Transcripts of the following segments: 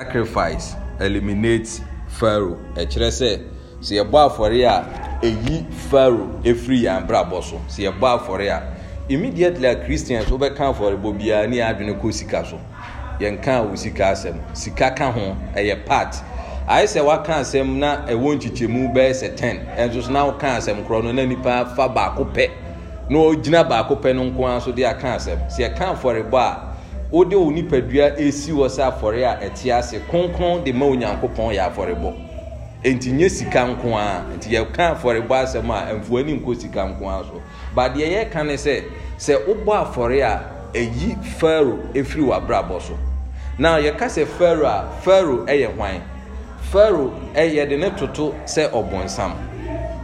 sacrifice eliminate pharaoh ɛkyerɛ sɛ sɛ yɛbɔ afɔre a ɛyi pharaoh ɛfiri yɛn abrabɔ so sɛ yɛbɔ afɔre a immediately a Christian christians wobɛka afɔrebɔ biara ne adwene kɔ sika so yɛnka wɔ sika asɛm sika ka ho ɛyɛ part ayɛ sɛ waka asɛm na ɛwɔ nkyikyɛmu bɛyɛ sɛ ten ɛnso so na woka asɛm korɔ no na nipa fa baako pɛ na ɔgyina baako pɛ no nko ara so de aka asɛm sɛ yɛka afɔrebɔ a wode wo nipadua esi wɔ sɛ afɔre a ɛte ase kronkron de ma onyankopɔn yɛ afɔrebɔ nti nye sika nko ara nti yɛka afɔrebɔ asɛm a mfuoni nko sika nko ara so ba deɛ yɛka ne sɛ sɛ wobɔ afɔre a ɛyi fɛro efiri w'abrabɔ so na yɛka sɛ fɛro a fɛro ɛyɛ hwan fɛro ɛyɛ de ne toto sɛ ɔbɔnsam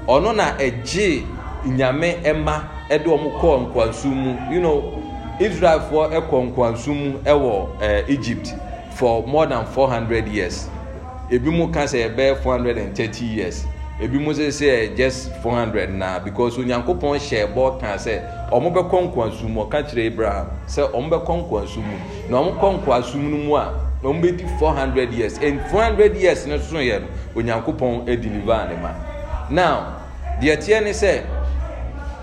ɔno na ɛgye nyame ɛma ɛde wɔn kɔɔ nkwansu mu you know israelfoɔ kɔ nkwanso mu wɔ eh, egypt for more than four hundred years ebi mu ka sɛ ɛbɛyɛ four hundred and thirty years ebi mu sɛ sɛ just four hundred na because onyankopɔn hyɛ bɔ kan sɛ wɔn bɛkɔ nkwanso mu ɔka kyerɛ abraham sɛ wɔn bɛkɔ nkwanso mu na wɔn kɔ nkwanso mu mu a wɔn bɛdi four hundred years and four hundred years ne so yɛ no onyankopɔn deliver ne ma now deɛ teɛ ne sɛ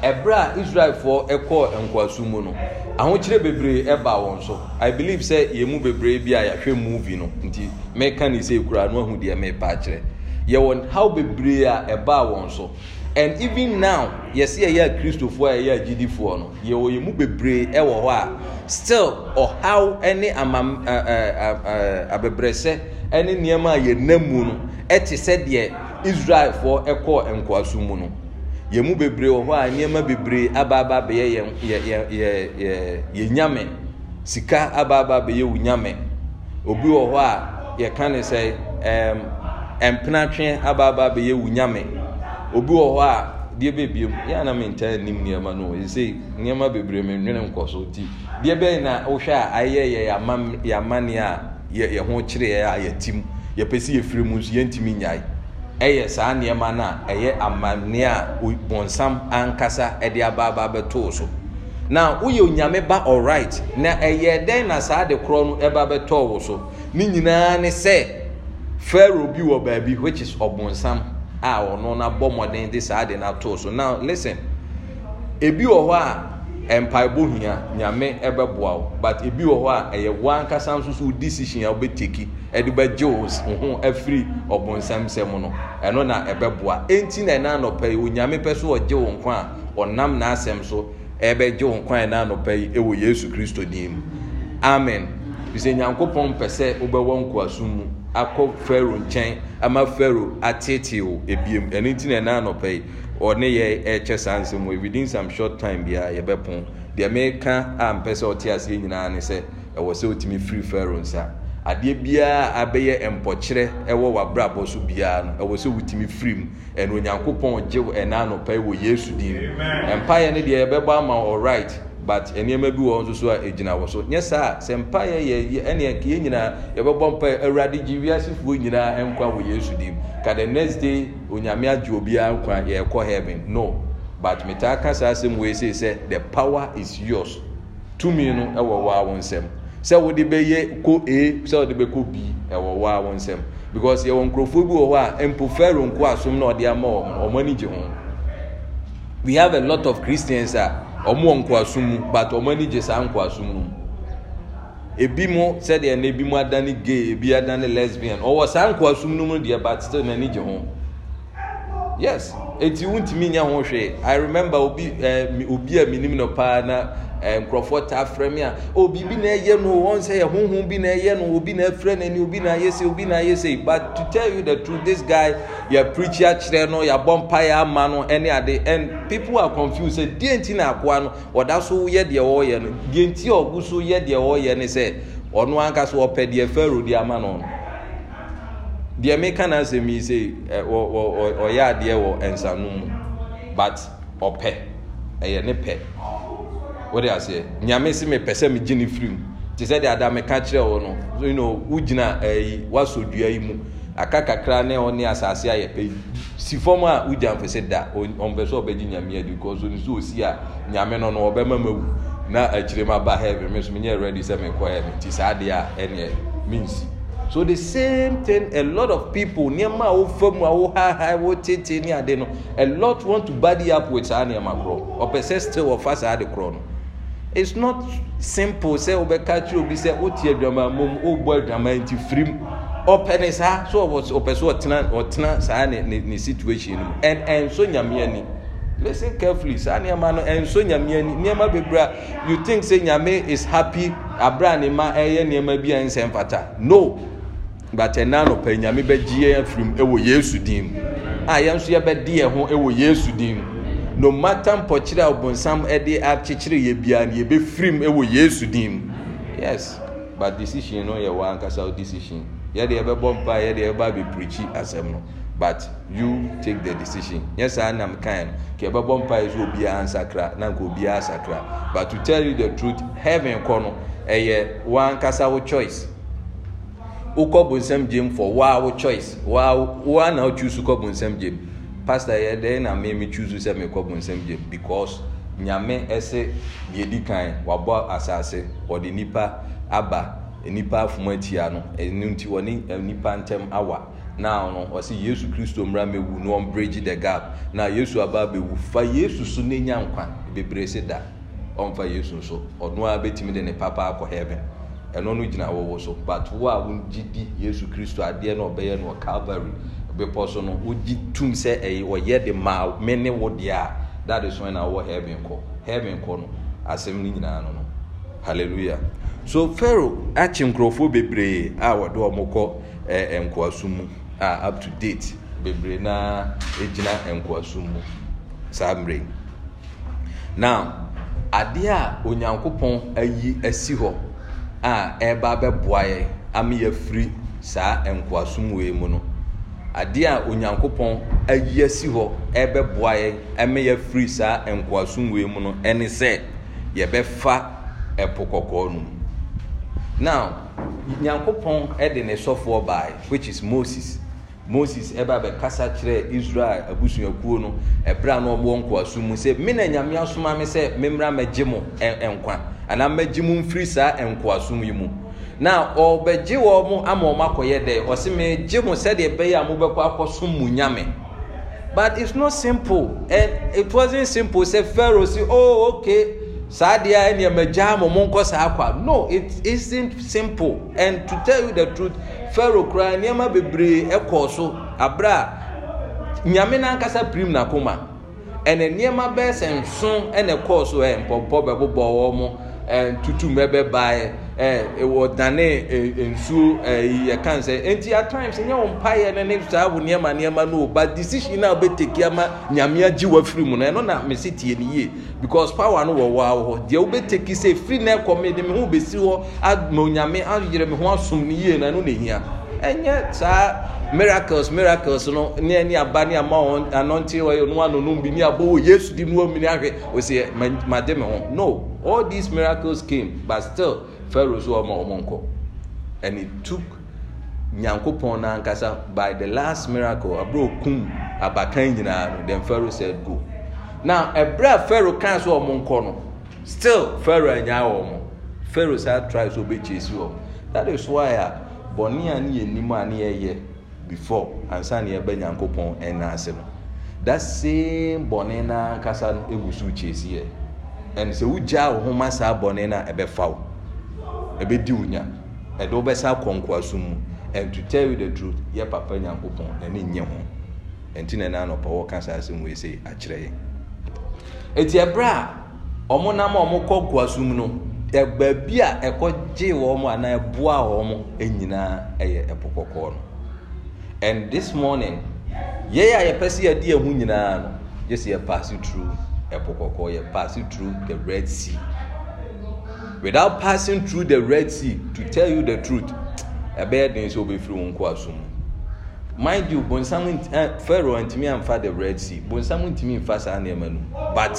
ɛberɛ a israelfoɔ ɛkɔɔ nkoaso mu no ahokyerɛ bebree ɛbaa wɔn so i believe sɛ yɛn mu bebree bi a yɛahwɛ movie no nti mɛka ne sɛ kura no ahu deɛ mɛpa akyerɛ yɛwɔ haw bebree a ɛbaa wɔn so and even now yɛsi yɛyɛ a kristofoɔ a yɛyɛ a gyidifoɔ no yɛwɔ yɛn mu bebree ɛwɔ hɔ a still ɔhaw ɛne amam ɛɛ abɛbrɛsɛ ɛne nneɛma a yɛnam mu no ɛte sɛ deɛ israelfoɔ ɛkɔɔ nkoaso mu no yɛn mu bebree wɔ hɔ a nneɛma bebree aba aba yɛn yɛ yɛ yɛ yɛ yɛ nyame sika aba aba abɛyɛ wɔ nyame obi wɔ hɔ a yɛka ne sɛ ɛɛm ɛmpenatwe aba aba abɛyɛ wɔ nyame obi wɔ hɔ a deɛ beebie mu yɛn anam ntaa nim nneɛma no wɔ yɛsɛ nneɛma bebree mi nwene nkɔ so ti deɛ bɛyɛ na wohwɛ a ayɛ yɛ yɛ ama yɛ amanneɛ a yɛ yɛ ho kyerɛ yɛ a yɛ ti mu yɛpɛ si yɛ firi mu nso yɛntumi nyae ɛyɛ saa nneɛma no a ɛyɛ amanneɛ a bɔnsam ankasa ɛde abaabaa bɛtoo so na woyɛ onyame ba alright na ɛyɛ dɛn na saa de korɔ no ɛba bɛtɔɔ wo so ne nyinaa ne sɛ pharaoh bi wɔ baabi which is ɔbɔnsam a ɔno n'abɔ mmɔden de saa de atoo so now listen ebi wɔ hɔ a. mpaebɔ hia nyame bɛboa wo but ebi wɔ hɔ a ɛyɛ woankasa nso so wo decision a wobɛteki ɛde bɛgye wo ho afiri ɔbonsɛmsɛm no ɛno na ɛbɛboa enti na ɛna anɔpa yi onyame pɛ so ɔgye wo nkwa a ɔnam n'asɛm so ɛbɛgye wo nkwa ɛna anɔpa yi ɛwɔ yesu kristo din mu amen bisɛ nyankopɔn pɛ sɛ wobɛwɔ nkoasom mu akɔ faro nkyɛn ama faro atetee wo ebiem ɛno nti na ɛna anɔpa yi ɔne yɛ ɛkyɛ eh, saa nsɛm wɔ within some short time bia a yɛbɛpon deɛ meka a mpɛ sɛ ɔte aseɛ eh, nyinaa ne sɛ ɛwɔ sɛ ɔtumi firi fɛro nsa adeɛ biara abɛyɛ mpɔkyerɛ ɛwɔ w'abrabɔ so biara no ɛwɔ eh, sɛ wotumi firi mu ɛna onyankopɔn gye ɛna anɔpɛ wɔ yesu din mpaeɛ no deɛ yɛbɛbɔ ama ɔright but nnoɔma bi wɔ nso so a ɛgyina wɔ so nyɛ saa sɛ mpayɛyɛneɛyɛ nyinaa yɛbɛbɔ mpa awurade gye wiasefoɔ nyinaa nkwa wɔ yesu dim ka the next day onyame agye obiara nkwa yɛrekɔ heaven no but metaa ka saa asɛm wei sei sɛ the power is yours tumi no ɛwɔ e wɔa wo nsɛm sɛ wode bɛyɛ kɔ a sɛ wode bɛkɔ b ɛwɔ e wɔa wo nsɛm because yɛwɔ nkurɔfoɔ bi wɔ hɔ a mpo fɛro nko asom na ɔde ama wɔn ɔmo ani gye ho we have a lot of christians a. Uh, ɔmowɔ nkoaso mu but ɔmo ani gye saa nkoaso mu ebi mu sɛdeɛ na ebi mu adane gay ebi adane lesbian ɔwɔ saa nkoaso mu no mu deɛ but still n'ani gye ho. yes eti wuntumi nya ho hwee i remember obi ɛɛ eh, obi a minim no paa na eh, nkurɔfoɔ taa frɛ mi a obi oh, bi na ɛyɛ no wɔn sɛ yɛ huhu bi na ɛyɛ no obi na ɛfrɛ n'ani obi na ayɛ sɛ obi na ayɛ sɛ but to tell you the truth this guy yɛ preach akyerɛ no yabɔ mpa yɛ ama no ɛne ade and people are confused sɛ deɛ nti na akoa no ɔda so yɛ deɛ ɔɔyɛ no deɛ nti a ɔgu so yɛ deɛ ɔɔyɛ ne sɛ ɔno ankasa ɔpɛ deɛ pharaoh de ama no no. deɛ meka no asɛm yi sɛ ɔyɛ adeɛ wɔ ɛnsano mu but ɔpɛ ɛyɛ ne pɛ wode aseɛ nyame se mepɛ sɛ megye ne firi mu nti sɛdeɛ ada meka kyerɛ wo no wogyina ayi woasɔ dua yi mu aka kakra ne ɔne asase ayɛ pɛ si fam a wogya mfɛ sɛ da ɔmpɛ sɛ ɔbɛgye nyame adi because ɔno sɛ ɔsi a nyame no no ɔbɛma mawu na akyirem eh, aba heaven me so menyɛ ready sɛ mekɔ heaven nti saa deɛ a ɛneɛ eh, mensi so the same thing a lot of people nneɛma a wofa ha a wohaha wotete ne ade no a lot want to body up with saa nneɛma korɔ ɔpɛ sɛ still wɔfa saa ade korɔ no it's not simple sɛ wobɛka kyerɛ obi sɛ wote adwama mmom wobɔ adwama nti firim ɔpɛ ne saa so ɔpɛ so ɔtena ɔtena saa ne ne ne situation no mu ɛn ɛnso nyame ani listen carefully saa nneɛma no ɛnso nyame ani nneɛma bebree a you think say nyame is happy abira ne ma ɛyɛ nneɛma bi a nsɛn fata no but ɛna eh, anɔpɛ nyame bɛgye yɛn afiri mu ɛwɔ yesu din mu ah, a yɛn nso yɛbɛdi yɛn ho ɛwɔ yesu din mu no matter mpɔkyerɛ a ɔbɔnsam ɛde akyekyere yɛ biara no yɛbɛfiri mu ɛwɔ yesu din mu yes but decision no yɛ wɔ ankasa o decision yɛde yɛbɛbɔ mpa yɛde yɛbɛba abɛpirikyi asɛm no but you take the decision yẹn yes, saa nam kan kẹ bẹ bọ mpa yẹ sọ obiara nsakra na nka obiara sakra but to tell you the truth heaven kọ no ẹ yẹ wọn ankasa wọ choice wokɔ bonsam gyem for waa wo choice waa waa na choose kɔ bonsam gyem pastor yɛ dɛ na me me choose sɛ me kɔ bonsam gyem because nyame ɛsɛ deɛ di kan wabɔ asase wɔde nipa aba nipa afuma atia no ɛnu nti wɔne eh, nipa ntɛm awa now no wɔsi yesu kristo mmira mewu na no bridge the gap na yesu aba abewu fa yesu so n'enya nkwa bebree si da ɔnfa yesu nso ɔno a betumi de ne papa akɔ heaven. ɛno no gyina wɔwɔ so but wo a wogye di yesu kristo adeɛ na ɔbɛyɛ no calvary bepɔ so no wogye tum sɛ ɛyɛ ɔyɛ de me ne wo deɛ a that is na awɔ heaven kɔ heaven kɔ no asɛm no nyinaa no hallelujah so fero akye nkurɔfoɔ bebree a wɔde wɔn kɔ ɛɛ a up to date bebree na egyina nkoaso mu saa mmerɛ a onyankopɔn ayi asi hɔ. a ɛreba abɛboa yɛ ama yɛafiri saa nkoasom wei mu no adeɛ a onyankopɔn ayi asi hɔ ɛrebɛboa yɛ ɛma yɛafiri saa nkoasom wei mu no ɛne sɛ yɛbɛfa ɛpo kɔkɔɔ no mu now nyankopɔn ɛde ne sɔfoɔ baeɛ which is moses moses ɛba bɛkasa kyerɛ israel abusuakuo no ɛberɛ a no ɔbowɔ nkoaso mu sɛ me na nyame asoma me sɛ memmra mɛgye mo nkwa anaa mɛgye mo mfiri saa nkoasom yi mu na ɔbɛgye wɔ mo ama ɔma akɔyɛ dɛ ɔse megye mo sɛdeɛ ɛbɛyɛ a mobɛkɔ akɔsom mu nyame but it's not simple and it wasn't simple sɛ pharaoh say oh okay saa deɛ ɛneɛ magyaa mo monkɔ saa akwa no it isn't simple and to tell you the truth fero kura nneɛma bebree kɔɔ so aberɛ nyame noankasa pirim n'akoma ɛne nnoɔma bɛɛ sɛ nso ne ɛkɔɔ so ɛ mpɔmpɔ bɛbobɔ wɔ mo ntutum bɛbɛbaeɛ Eh, eh, wɔ dane eh, nsuo yɛkan sɛ ɛnti attimes ɛnyɛ wo mpayɛ no ne saa wo nnoɛma nnoɛma no o but decision naa a wobɛteki ama nyame agye w'afiri mu no ɛno na mese tie no yie because power no wɔwɔ a wɔ hɔ deɛ wobɛteki sɛ firi no ɛkɔme de me ho bɛsi hɔ ama onyame ayerɛ me ho asom no yie no ɛno na hia ɛnyɛ saa miracles miracles no ne ani aba ne ama wɔn anɔnte wɔyɛ no anonom bi ne abɔ wɔ yesu di mu wɔn mi ne ahwɛ wɔsi made me ho no all these miracles came but still. pharaoh so ɔma ɔmo nkɔ and it took nyankopɔn n'ankasa by the last miracle aburo kum abakan nyinaa no then pharaoh said go now ɛbrɛ a pharaoh kan so ɔmo nkɔ no still pharaoh anyaa wɔn pharaoh saa try so ɔbɛ kyesi wɔn that is why a bɔnne a ni yɛ nim a ni yɛ yɛ before ansa ne yɛ bɛ nyankopɔn ɛna ase no that same bɔnne n'ankasa no egu so kyesi yɛ and sɛ wogya ahoma saa bɔnne na ɛbɛfa wo. Ebe di wo nya ɛde wobɛsa akɔ nkoasom mu and to tell you the truth yɛ papa nyankopɔn n'ani nye ho ɛnti na ɛnan ɔpa wɔka saa asɛm wei sɛ akyerɛ yɛ eti ɛbrɛ a ɔmo nam a ɔmo kɔ nkoasom no ɛbaabi a ɛkɔ gye wɔn anaa ɛboa wɔn nyinaa ɛyɛ ɛpo kɔkɔɔ no and this morning yɛyɛ a yɛpɛ si yɛde ɛho nyinaa no yɛsi yɛ paase through ɛpo kɔkɔɔ yɛ paase through the red sea without passing through the red sea to tell you the truth ɛbɛyɛ den sɛ obɛfiri wɔn kɔ aso mu mind you bonsam uh, pharaoh ntumi anfa the red sea bonsam ntumi nfa saa nneɛma no but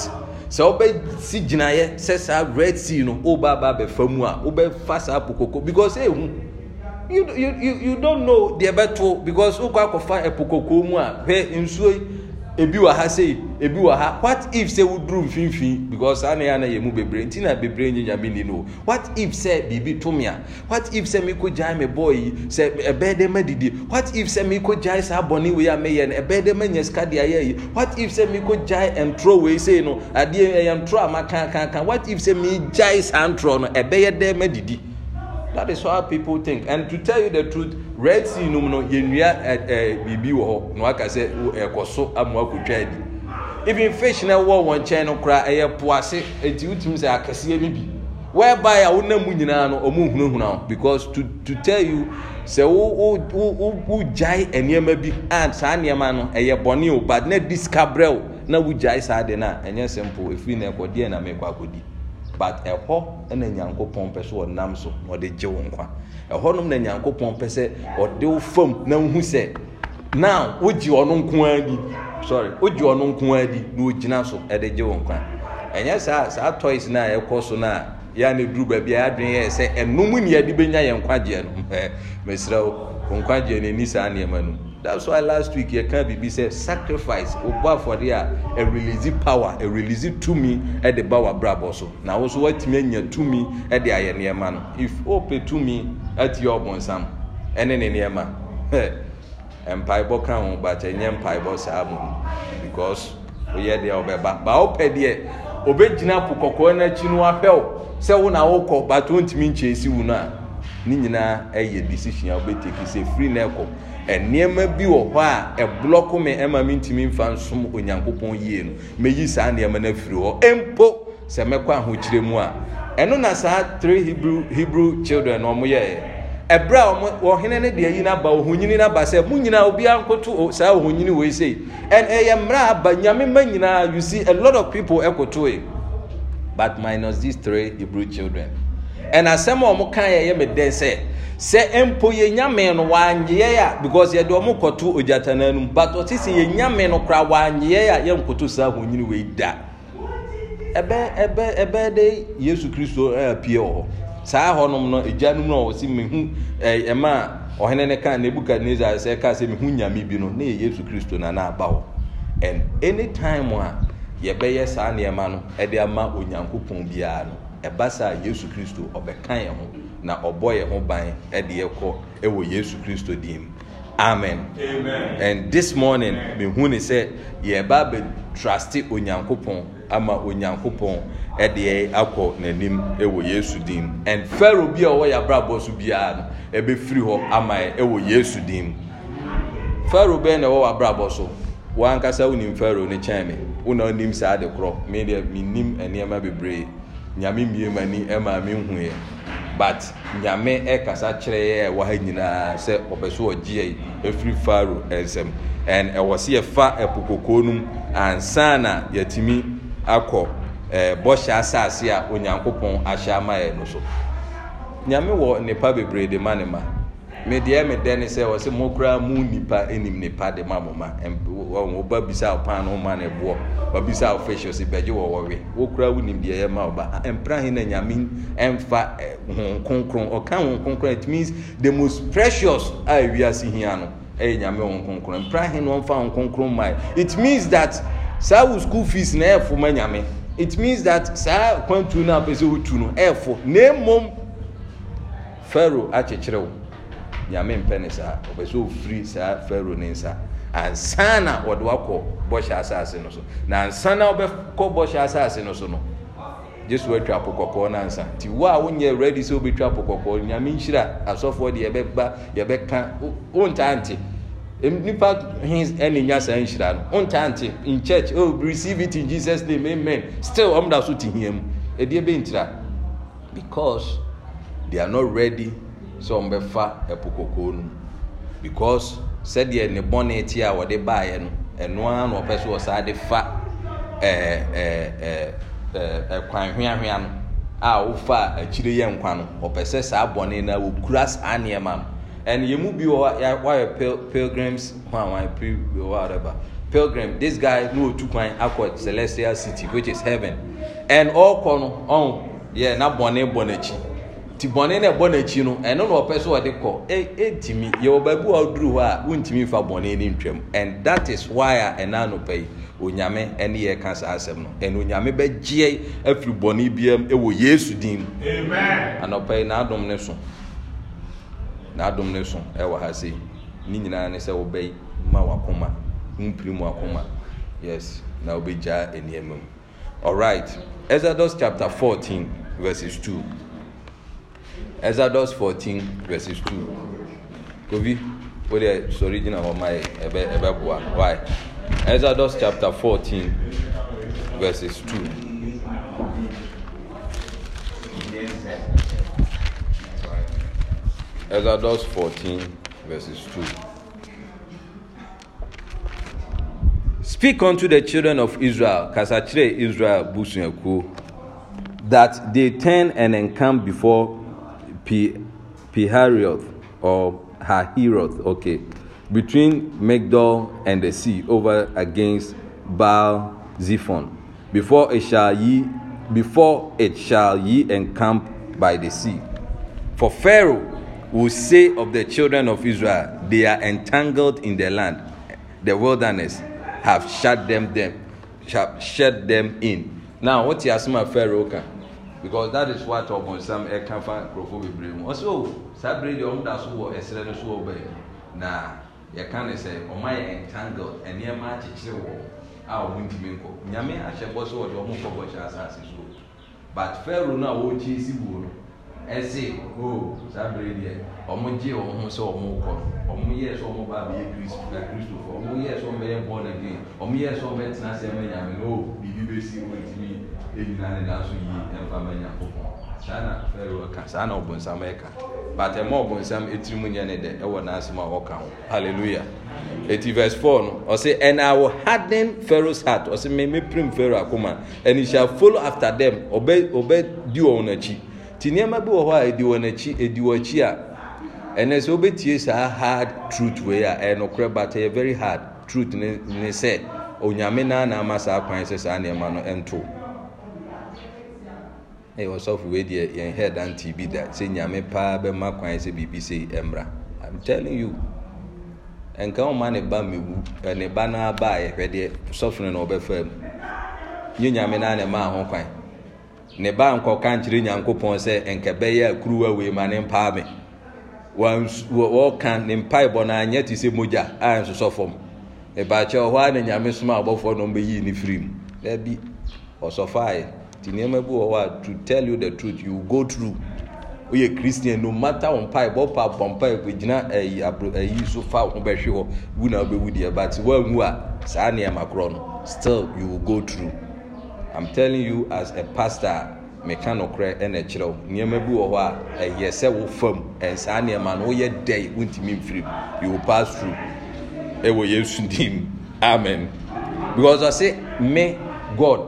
sɛ wobɛsi gyinaeɛ sɛ saa red sea no woba aba abɛfa mu a wobɛfa saa apokoko because ehu eh, you you you don't know deɛ bɛto because wokɔ akɔfa apokoko mu a hwɛ nsuo yi ebi wɔ ha sei ebi wɔ ha what if sɛ woduru mfimfini because saa na yɛ ana yɛ mu bebree nti na bebree nye nyame ni no what if sɛ biribi to me what if sɛ mekɔ gyae me bɔɔ yi sɛ ɛbɛɛ dɛ ma didi what if sɛ mekɔ gyae saa bɔne wei a meyɛ no ɛbɛɛ dɛ ma nya sika de ayɛ yi what if sɛ mekɔ gyae ntorɔ wei sei no adeɛ ɛyɛ ntorɔ a makaakaakaa what if sɛ megyae saa ntorɔ no ɛbɛyɛ dɛ ma didi that is how people think and to tell you the truth red sea num no yɛnua ɛɛ eh, eh, biribi wɔ hɔ na waka sɛ ɛkɔ eh, so amu akotwa adi even fish na ɛwɔ wɔn nkyɛn no koraa ɛyɛ poase eti wotumi sɛ akɛseɛ bi bi whereby a wonam mu nyinaa no ɔmo nhunahuna o because to to tell you sɛ wo wo wo wo gyae nneɛma bi a saa nneɛma no ɛyɛ bɔnne o but na discabrɛ o na wo gyae saa de na ɛnyɛ simple efiri na ɛkɔ deɛ na mɛ kɔ akɔdi. but ɛhɔ na nyankopɔn pɛ sɛ ɔnam so na ɔde gye wo nkwa ɛhɔnom na nyankopɔn pɛ sɛ ɔde wo fam na wohu sɛ na wogye ɔno nkoaa di sorry wogye ɔno nkoaa di na ogyina so ɛde gye wo nkwa ɛnyɛ saa saa toys na ɛkɔ so na yɛa ne duru baabi a yɛadwene yɛ sɛ ɛnom ne yɛde bɛnya yɛn nkwagyeɛ no mesrɛ wo nkwagyeɛ no ɛni saa nneɛma no mu that's why last week yɛ kan bibi sɛ sacrifice ɔbɔ afɔde a ɛrelease power a ɛrelease tumi ɛde e ba wɔ abrabɔ so na ahosuo watumi anya tumi ɛde e ayɛ nneɛma no if ɔpɛ tumi ɛte e yɛ ɔbɔnsam ɛne ne nneɛma ɛ mpaebɔ ka ho bàtɛ nyɛ mpaebɔ saa mu because oyɛ deɛ ɔbɛba ba ɔpɛ deɛ ɔbɛgyina po kɔkɔɔ n'akyi no apɛw sɛ wo na wokɔ bàtɛ ɔntumi nkyɛnsi wo no a ne nyinaa ɛyɛ decision a ɔbɛtɛki sɛ firi na ɛkɔ. nnoɔma bi wɔ hɔ a ɛblɔko me ɛma me ntumi nfa nsom onyankopɔn yie no meyi saa nnoɔma no afiri hɔ mpo sɛ mɛkɔ ahokyerɛ mu a ɛno na saa tre hebrew children no ɔmoyɛɛ ɛberɛ a ɔhene no deɛ yi n'aba aba n'aba no aba sɛ mo nyinaa obiaa nkoto saa ɔhonyini wei sei ɛn ɛyɛ mmerɛ aba nyame ma nyinaa you see a lot of people ɛkotoe but minus these three hebrew children ɛna asɛm a wɔn kan yɛ yɛ me dɛn sɛ sɛ mpo yɛ nyame no wanyeɛ a because yɛde wɔn kɔto ogyata no anum but ɔte sɛ yɛ nyame no kora wanyeɛ a yɛ nkoto saa ahonyini wei da ɛbɛ ɛbɛ ɛbɛ de yesu kristo ɛɛpie wɔ hɔ saa hɔnom no egya no mu a wɔsi mehu ɛɛ ɛma ɔhene ne kan nebukadnezar sɛ ɛka sɛ mehu nyame bi no ne yɛ yesu kristo na n'aba hɔ and anytime a yɛbɛyɛ saa nneɛma no ɛde ama onyankopɔn biara no ɛba saa yesu kristo ɔbɛka yɛn ho na ɔbɔ yɛn ho ban ɛde ɛkɔ ɛwɔ yesu kristo dim amen and this morning mehu ne sɛ yɛba abɛtraste onyankopɔn ama onyankopɔn ɛde yɛn akɔ n'anim ɛwɔ yesu dim and pharaoh bi a ɔwɔ yɛ so biara no ɛbɛfiri hɔ ama yɛ ɛwɔ yesu dim pharaoh bɛn na ɛwɔ wɔ abrabɔ so wɔn ankasa wɔn nim pharaoh ne kyɛn mi wɔn na wɔn nim saa de korɔ mi deɛ mi nneɛma bebree. nyame mmie m'ani ɛma me nhueɛ but nyame ɛkasa kyerɛ yɛ ɛwɔ ha nyinaa sɛ ɔpɛ so ɔgyeɛ ɛfiri faro ɛnsɛm and ɛwɔ se yɛfa ɛpo kɔkɔɔ no mu ansa na yɛtumi akɔ ɛɛ bɔhyɛ asase a onyankopɔn ahyɛ ama yɛn no so nyame wɔ nnipa bebree de ma ne ma me deɛ me dɛ ne sɛ wɔsɛ mo koraa mu nipa anim nipa de ma mo ma wɔba bisa pan no ma no ɛboɔ wɔbisa wo fish ɔsɛ bɛgye wɔ wɔwe wo koraa wonim deɛ ɛma ɔba ɛmpra he na nyame ɛmfa eh, honhom kronkron ɔka honhom kronkron it means the most precious a ewiase hia no ɛyɛ nyame honhom kronkron ɛmpra he na ɔmfa honhom kronkron ma it means that saa wo school fees na ɛɛfo ma nyame it means that saa kwantu no a pɛ sɛ wotu no ɛɛfo na mmom pharaoh akyekyere nyame mpɛ ne saa ɔpɛ sɛ ɔfiri saa faro ne nsa ansa na wɔde wakɔ bɔhyɛ asase no so na ansa na wɔbɛkɔ bɔhyɛ asase no so no gye so atwa po kɔkɔɔ no ansa nti wo a wonyɛ ready sɛ wobɛtwa po kɔkɔɔ nyame nhyira asɔfoɔ de yɛbɛba yɛbɛka wontaa nte nipa hins ɛne nya saa nhyira no wontaa nte in church oh receive it in jesus name amen still ɔmda so te hia mu ɛdeɛ bɛntira because they are not ready sɛ ɔmbɛfa ɛpo kɔkɔɔ no because sɛdeɛ ne ti a wɔde no na ɔpɛ so wɔ de fa ɛkwan hweahwea no a wofa akyire yɛ nkwa no sɛ saa no saa nneɛma no and yɛn mu bi wɔ wayɛ pilgrims hwan wan pre whatever pilgrim this guy na otu kwan akɔ celestial city which is heaven no ɔn yɛ na nti bɔne no ɛbɔ n'akyi no ɛno na ɔpɛ so ɔde kɔ ɛtumi e, yɛwɔ baabi a ɔduru hɔ a wontumi fa bɔne no ntwam and that is why a ɛna anɔpa yi onyame ɛne yɛ ka saa asɛm no ɛna onyame bɛgyeɛ afiri bɔne biam ɛwɔ yesu din mu anɔpa yi n'adom ne so n'adom ne so ɛwɔ ha sei ne nyinaa ne sɛ wobɛyi ma wakoma wompiri mu yes na wobɛgyaa nneɛma mu alright exodus chapter 14 verses 2 Exodus 14 verses 2. Kobi, what is the origin of my Ebebua? Why? Exodus chapter 14 verses 2. Exodus 14 verses 2. Speak unto the children of Israel, Kasachre Israel Busunyaku, that they turn and encamp before P- or Hahiroth, okay, between Megdol and the sea over against Baal Zephon. Before it shall ye before it shall ye encamp by the sea. For Pharaoh will say of the children of Israel, They are entangled in the land, the wilderness have shut them them, have shut them in. Now what my Pharaoh can because that is what ɔbɔnsam ɛka fa nkurɔfoɔ bebree mu ɔsɛ o oh, saa bere deɛ ɔmo da so wɔ ɛsrɛ no so wɔ bɛyɛ na yɛka ne sɛ ɔmo ayɛ entangled nneɛma akyekyere wɔ a ɔmo ntumi nkɔ nyame ahyɛ bɔ so ɔde ɔmo kɔ bɔhyɛ asase so but pharaoh no a wɔrekye esi buo no ɛsi o oh, saa bere deɛ ɔmo gye wɔn ho sɛ ɔmo kɔ ɔmo yɛ sɛ ɔmo ba bɛyɛ kristu na kristu fɔ ɔmo yɛ sɛ ɔmo bɛyɛ born again ɔmo yɛ sɛ ɔmo bɛtena sɛ ɛmɛ nyame no oh, o biribi bɛsi wɔn ti saa na fɛro ɛka but ɛma ɔbonsam ɛtiri mu nyɛ ne dɛ ɛwɔ n'asɛm a ɔka ho hallelujah eti verse four no ɔsi and i will harden pharaoh's heart ɔsi me me prim pharaoh akoma and he shall follow after them ɔbɛ ɔbɛ di wɔn n'akyi ti nneɛma bi wɔ hɔ a edi wɔn akyi edi wɔn akyi a ɛnɛ sɛ ɔbɛtie saa hard truth wei a ɛyɛ but ɛyɛ very hard truth ne ne sɛ onyame naa na ama saa kwan sɛ saa nneɛma no ɛnto ɛyɛ ɔsɔfo wei deɛ yɛn hɛ dante bi da sɛ nyame paa bɛma kwan sɛ biribi sɛ mmra i'm telling you ɛnka woma ne ba mmewu ne ba no aba a yɛhwɛ deɛ sɔfo no na ɔbɛfaa mu yɛ nyame no a ne maa ho kwan ne ba nkɔka nkyerɛ nyankopɔn sɛ ɛnka bɛyɛ akuruwa wei ma ne mpaa me wɔka ne mpaebɔ no anyɛ te sɛ mogya a nsosɔ fam ɛbaakyɛ hɔ a ne nyame soma abɔfoɔ no ɔmbɛyii ne firi mu daabi ɔsɔfo ayɛ wɔ hɔ a to tell you the truth you go through woyɛ christian no matter wɔn mpae bɔ pa bɔ mpae ko gyina ɛyi aburo ɛyi so fa ho bɛhwe hɔ wu na ɔbɛwu deɛ but wɔn a saa nneɛma korɔ no still you go through i'm telling you as a pastor meka nokorɛ ɛna kyerɛw nneɛma bi wɔ hɔ a ɛyɛ sɛ wo fam ɛnsaa nneɛma no woyɛ dɛn wontumi mfiri you will pass through ɛwɔ yesu dim amen because say, me god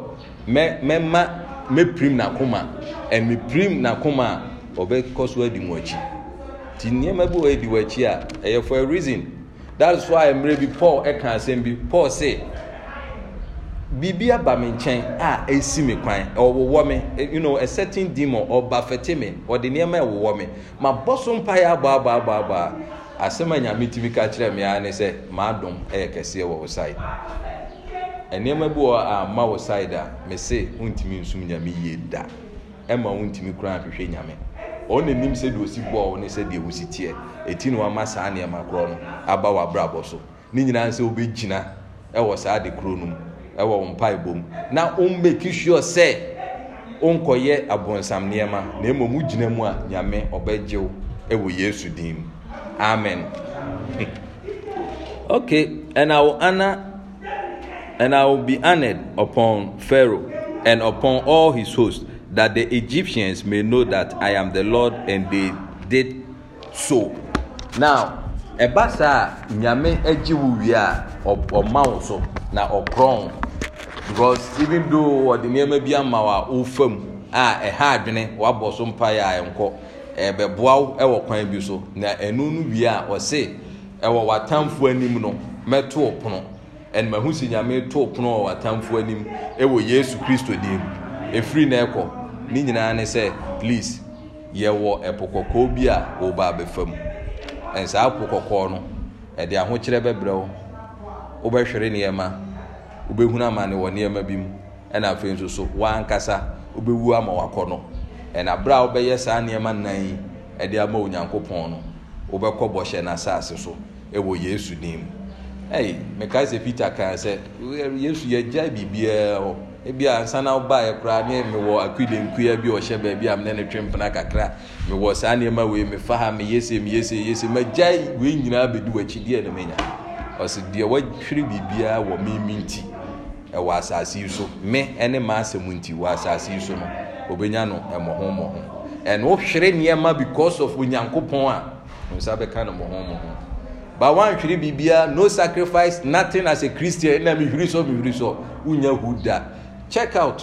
mɛ mɛma mɛprim nakoma ɛn meprim nakoma a ɔbɛkɔ so adi mo akyi nti nnoɔma bi wɔɛdi w'akyi a ɛyɛ fo a reason thatis wy mmerɛ bi paul ɛka asɛm bi paul se biribi aba me nkyɛn a ɛsi me kwan ɔwowɔ me eh, a certain demon ɔba fɛte me ɔde nnoɔma ɛwowɔ me mabɔ so mpaeɛ abaabaababaa asɛm a nyame tumi ka kyerɛ me ara ne sɛ maadom ɛyɛ kɛseɛ wɔ wo side nnoɔma bi wɔ ma wɔ side a mese ntumi nsum nyame yie da ma wontumi koraa hwehwɛ nyame ɔne nim sɛdeɛ ɔsi bɔɔ ne sɛdeɛ wosi teɛ ɛti ne wama saa nnoɔma korɔ no aba w'abrabɔ so ne nyinaa sɛ wobɛgyina wɔ saa de kuro no mu ɛwɔ wo mpaebom na wommɛki suɔ sɛ wonkɔyɛ abɔnsam nnoɔma na mmom wogyina mu a nyame ɔbɛgyew wɔ yesu din amen okay ɛna wo ana and I will be honored upon Pharaoh and upon all his host, that the Egyptians may know that I am the Lord, and they did so. Now, ɛba saa nyame agye or wie a ɔma wo na ɔkorɔn because even though wɔde nneɛma bi ama a wofa mu a ɛha adwene a ɛnkɔ ɛbɛboa wo wɔ kwan bi so na ɛno no wie a ɔse ɛwɔ w'atamfoɔ anim no mɛto ɔpono ɛnmaho si nyame too pono ɔ atamfoɔ anim ɛwɔ yesu kristo dim efiri na ɛkɔ ne nyinaa ne sɛ please yɛwɔ ɛpo kɔkɔɔ bi a wɔbaa bɛfa mu ɛnsaa po kɔkɔɔ no ɛde ahokyerɛ bɛbrɛ wo wobɛhwere nneɛma wobɛhunu amane wɔ nneɛma bi mu afei nso so ama wakɔ no a saa nnan yi ɛde ama no bɔhyɛ so ɛwɔ yesu mekaesɛ peter kae sɛ yesu yɛgyae biribiaa hɔ bia nsana wobaeɛ koraa ne mewɔ akwidenkua bi ɔhyɛ baabi a mne no twempena kakra mewɔ saa nnoɔma wei mefa ha meyɛsmyɛsɛyɛse magyae wei nyinaa bɛdi w'akyideɛ no manya ɔsɛ deɛ woahwere biribiaa wɔ meme nti ɛwɔ asase yi so me ne maasɛm nti wɔ asase yi so no ɔbɛnya no mmɔhommɔho ɛn wohwere nnoɛma because of onyankopɔn a nsa bɛka no mmɔhommɔho but wanhwere biribia no sacrifice nothing as a christian na mehwiri so mehwiri so wonya hu da check out